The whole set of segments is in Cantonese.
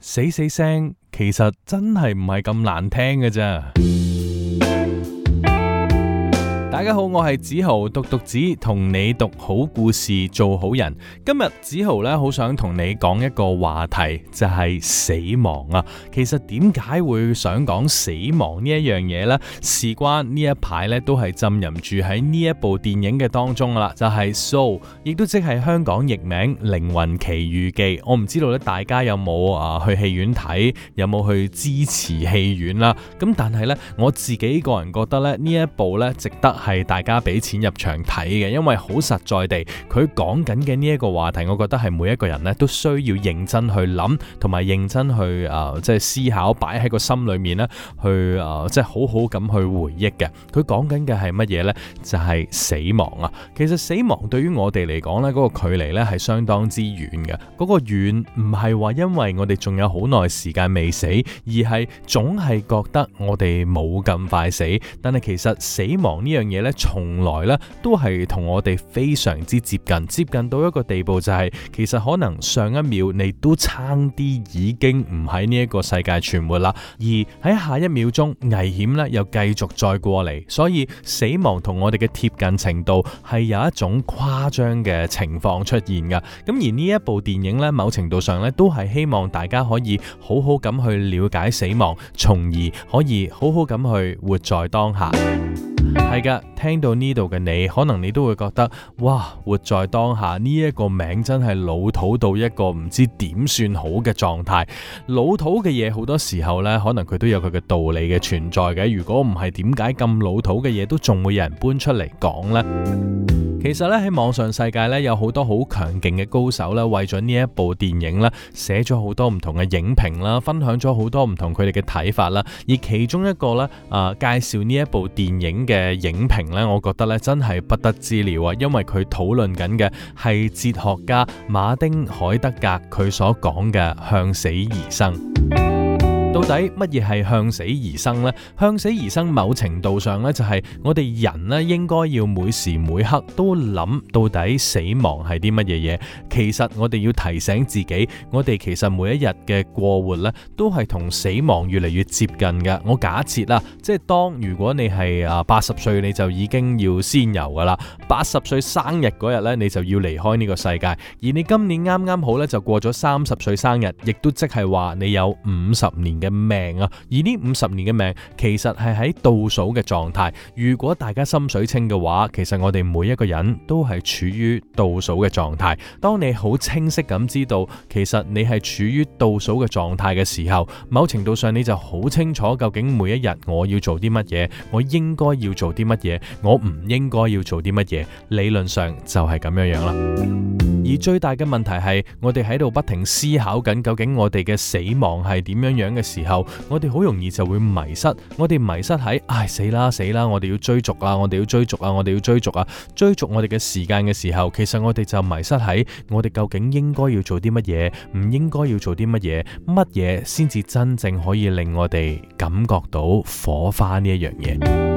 死死聲，其實真係唔係咁難聽㗎咋。大家好，我係梓豪，獨讀子同你讀好故事做好人。今日梓豪咧好想同你講一個話題，就係死亡啊。其實點解會想講死亡呢一樣嘢呢？事關呢一排咧都係浸淫住喺呢一部電影嘅當中噶啦，就係《Soul》，亦都即係香港譯名《靈魂奇遇記》。我唔知道咧，大家有冇啊去戲院睇，有冇去支持戲院啦？咁但係呢，我自己個人覺得咧，呢一部呢，值得。係大家俾錢入場睇嘅，因為好實在地，佢講緊嘅呢一個話題，我覺得係每一個人呢都需要認真去諗，同埋認真去啊，即係思考擺喺個心裏面呢去啊，即係好好咁去回憶嘅。佢講緊嘅係乜嘢呢？就係死亡啊！其實死亡對於我哋嚟講呢嗰個距離呢係相當之遠嘅。嗰個遠唔係話因為我哋仲有好耐時間未死，而係總係覺得我哋冇咁快死，但係其實死亡呢樣嘢，從來咧，都係同我哋非常之接近，接近到一個地步就係，其實可能上一秒你都差啲已經唔喺呢一個世界存活啦，而喺下一秒鐘危險咧，又繼續再過嚟，所以死亡同我哋嘅貼近程度係有一種誇張嘅情況出現㗎。咁而呢一部電影呢，某程度上咧，都係希望大家可以好好咁去了解死亡，從而可以好好咁去活在當下。係噶，聽到呢度嘅你，可能你都會覺得，「哇，活在當下呢一個名真係老土到一個唔知點算好嘅狀態。老土嘅嘢，好多時候呢，可能佢都有佢嘅道理嘅存在嘅。如果唔係，點解咁老土嘅嘢都仲會有人搬出嚟講呢？」其實咧喺網上世界咧有好多好強勁嘅高手啦，為咗呢一部電影啦，寫咗好多唔同嘅影評啦，分享咗好多唔同佢哋嘅睇法啦。而其中一個咧，啊、呃、介紹呢一部電影嘅影評咧，我覺得咧真係不得之了啊，因為佢討論緊嘅係哲學家馬丁·海德格佢所講嘅向死而生。到底乜嘢係向死而生咧？向死而生，某程度上咧就係我哋人咧應該要每時每刻都諗到底死亡係啲乜嘢嘢。其實我哋要提醒自己，我哋其實每一日嘅過活咧都係同死亡越嚟越接近嘅。我假設啦，即係當如果你係啊八十歲，你就已經要仙遊噶啦。八十歲生日嗰日咧，你就要離開呢個世界。而你今年啱啱好咧就過咗三十歲生日，亦都即係話你有五十年嘅。命啊！而呢五十年嘅命其實係喺倒數嘅狀態。如果大家心水清嘅話，其實我哋每一個人都係處於倒數嘅狀態。當你好清晰咁知道，其實你係處於倒數嘅狀態嘅時候，某程度上你就好清楚究竟每一日我要做啲乜嘢，我應該要做啲乜嘢，我唔應該要做啲乜嘢。理論上就係咁樣樣啦。而最大嘅問題係，我哋喺度不停思考緊，究竟我哋嘅死亡係點樣樣嘅時候，我哋好容易就會迷失。我哋迷失喺唉、哎、死啦死啦，我哋要追逐啊，我哋要追逐啊，我哋要追逐啊，追逐我哋嘅時間嘅時候，其實我哋就迷失喺我哋究竟應該要做啲乜嘢，唔應該要做啲乜嘢，乜嘢先至真正可以令我哋感覺到火花呢一樣嘢。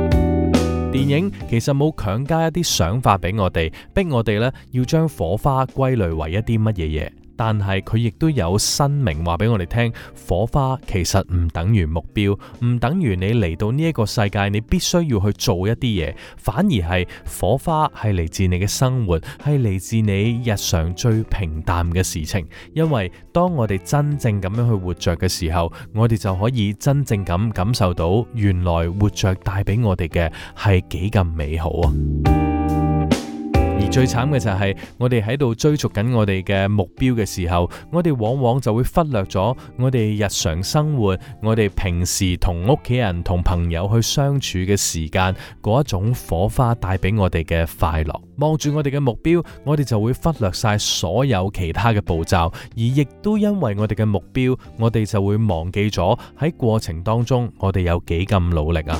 電影其實冇強加一啲想法俾我哋，逼我哋呢要將火花歸類為一啲乜嘢嘢。但係佢亦都有新明話俾我哋聽，火花其實唔等於目標，唔等於你嚟到呢一個世界，你必須要去做一啲嘢。反而係火花係嚟自你嘅生活，係嚟自你日常最平淡嘅事情。因為當我哋真正咁樣去活着嘅時候，我哋就可以真正咁感受到，原來活着帶俾我哋嘅係幾咁美好啊！最慘嘅就係我哋喺度追逐緊我哋嘅目標嘅時候，我哋往往就會忽略咗我哋日常生活、我哋平時同屋企人、同朋友去相處嘅時間嗰一種火花帶俾我哋嘅快樂。望住我哋嘅目標，我哋就會忽略晒所有其他嘅步驟，而亦都因為我哋嘅目標，我哋就會忘記咗喺過程當中我哋有幾咁努力啊！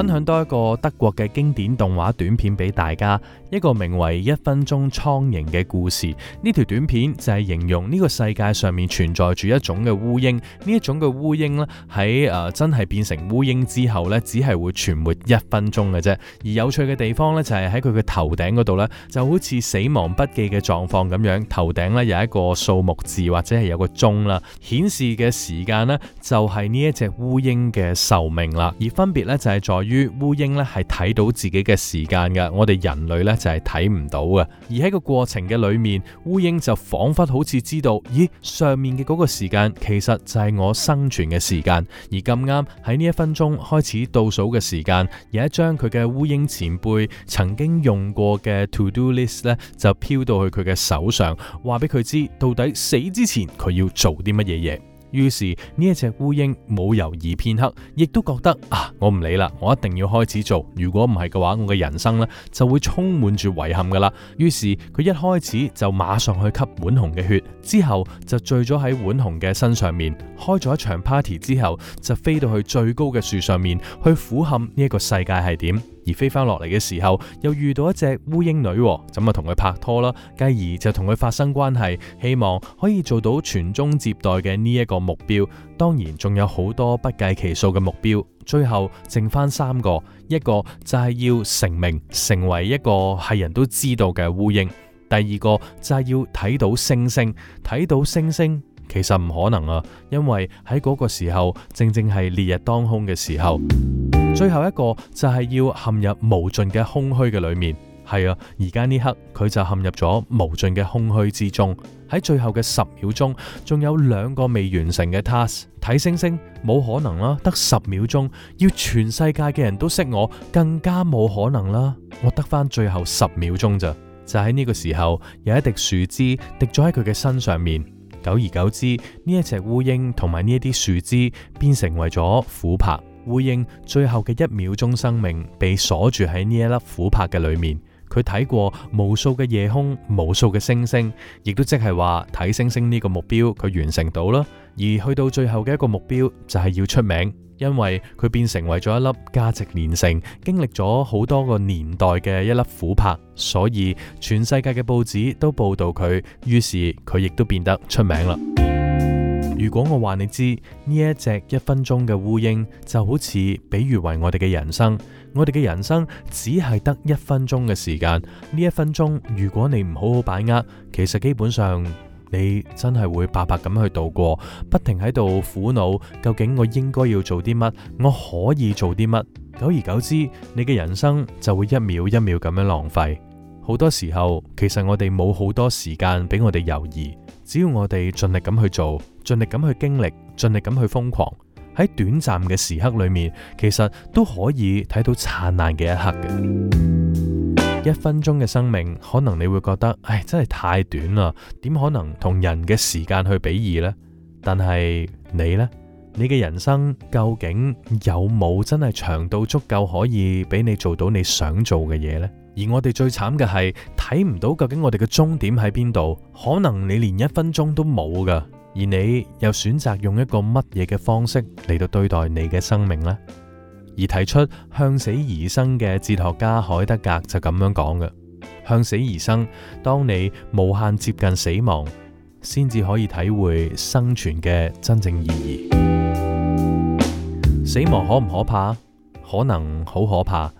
分享多一個德國嘅經典動畫短片俾大家，一個名為《一分鐘蒼蠅》嘅故事。呢條短片就係形容呢個世界上面存在住一種嘅烏蠅，呢一種嘅烏蠅咧喺誒真係變成烏蠅之後咧，只係會存活一分鐘嘅啫。而有趣嘅地方咧就係喺佢嘅頭頂度咧，就好似死亡筆記嘅狀況咁樣，頭頂咧有一個數目字或者係有個鐘啦，顯示嘅時間咧就係呢一隻烏蠅嘅壽命啦。而分別咧就係在於。於烏蠅咧係睇到自己嘅時間噶，我哋人類咧就係睇唔到嘅。而喺個過程嘅裏面，烏蠅就仿佛好似知道，咦，上面嘅嗰個時間其實就係我生存嘅時間。而咁啱喺呢一分鐘開始倒數嘅時間，有一張佢嘅烏蠅前輩曾經用過嘅 to do list 咧就飄到去佢嘅手上，話俾佢知到底死之前佢要做啲乜嘢嘢。.於是呢一隻烏蠅冇猶豫片刻，亦都覺得啊，我唔理啦，我一定要開始做。如果唔係嘅話，我嘅人生咧就會充滿住遺憾噶啦。於是佢一開始就馬上去吸碗紅嘅血，之後就醉咗喺碗紅嘅身上面，開咗一場 party 之後，就飛到去最高嘅樹上面去俯瞰呢一個世界係點。而飛翻落嚟嘅時候，又遇到一隻烏蠅女，哦，咁啊同佢拍拖啦，繼而就同佢發生關係，希望可以做到傳宗接代嘅呢一個目標。當然仲有好多不計其數嘅目標，最後剩翻三個，一個就係要成名，成為一個係人都知道嘅烏蠅；第二個就係要睇到星星，睇到星星，其實唔可能啊，因為喺嗰個時候正正係烈日當空嘅時候。最後一個就係要陷入無盡嘅空虛嘅裏面，係啊，而家呢刻佢就陷入咗無盡嘅空虛之中。喺最後嘅十秒鐘，仲有兩個未完成嘅 task。睇星星，冇可能啦，得十秒鐘，要全世界嘅人都識我，更加冇可能啦。我得返最後十秒鐘咋？就喺呢個時候，有一滴樹脂滴咗喺佢嘅身上面。久而久之，呢一隻烏蠅同埋呢一啲樹脂，變成為咗琥珀。回應最後嘅一秒鐘生命被鎖住喺呢一粒琥珀嘅裏面，佢睇過無數嘅夜空、無數嘅星星，亦都即係話睇星星呢個目標佢完成到啦。而去到最後嘅一個目標就係要出名，因為佢變成為咗一粒價值連城、經歷咗好多個年代嘅一粒琥珀，所以全世界嘅報紙都報道佢，於是佢亦都變得出名啦。如果我話你知呢一隻一分鐘嘅烏蠅就好似，比喻為我哋嘅人生，我哋嘅人生只係得一分鐘嘅時間。呢一分鐘，如果你唔好好把握，其實基本上你真係會白白咁去度過，不停喺度苦惱，究竟我應該要做啲乜？我可以做啲乜？久而久之，你嘅人生就會一秒一秒咁樣浪費。好多時候，其實我哋冇好多時間俾我哋猶豫，只要我哋盡力咁去做。盡力咁去經歷，盡力咁去瘋狂，喺短暫嘅時刻裏面，其實都可以睇到燦爛嘅一刻嘅。一分鐘嘅生命，可能你會覺得唉，真係太短啦，點可能同人嘅時間去比擬呢？但係你呢？你嘅人生究竟有冇真係長到足夠可以俾你做到你想做嘅嘢呢？而我哋最慘嘅係睇唔到究竟我哋嘅終點喺邊度，可能你連一分鐘都冇噶而你又選擇用一個乜嘢嘅方式嚟到對待你嘅生命呢？而提出向死而生嘅哲學家海德格就咁樣講嘅，向死而生，當你無限接近死亡，先至可以體會生存嘅真正意義。死亡可唔可怕？可能好可怕。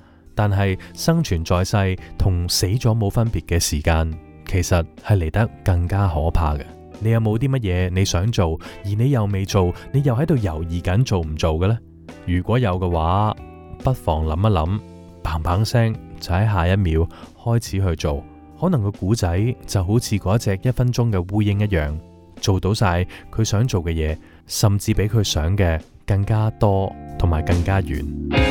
但係生存在世同死咗冇分別嘅時間，其實係嚟得更加可怕嘅。你有冇啲乜嘢你想做，而你又未做，你又喺度猶豫緊做唔做嘅呢？如果有嘅話，不妨諗一諗，砰砰聲就喺下一秒開始去做。可能個古仔就好似嗰隻一分鐘嘅烏蠅一樣，做到晒佢想做嘅嘢，甚至比佢想嘅更，更加多同埋更加遠。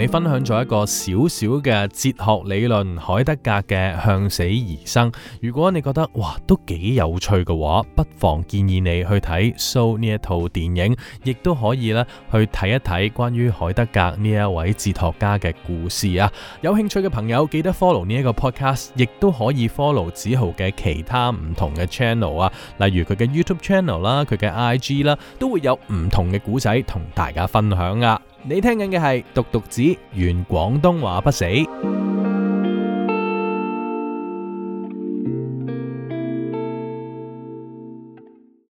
你分享咗一個小小嘅哲學理論，海德格嘅向死而生。如果你覺得哇都幾有趣嘅話，不妨建議你去睇《Soul》呢一套電影，亦都可以咧去睇一睇關於海德格呢一位哲學家嘅故事啊。有興趣嘅朋友記得 follow 呢一個 podcast，亦都可以 follow 梓豪嘅其他唔同嘅 channel 啊，例如佢嘅 YouTube channel 啦，佢嘅 IG 啦，都會有唔同嘅古仔同大家分享啊。你聽緊嘅係《獨讀子》，願廣東話不死。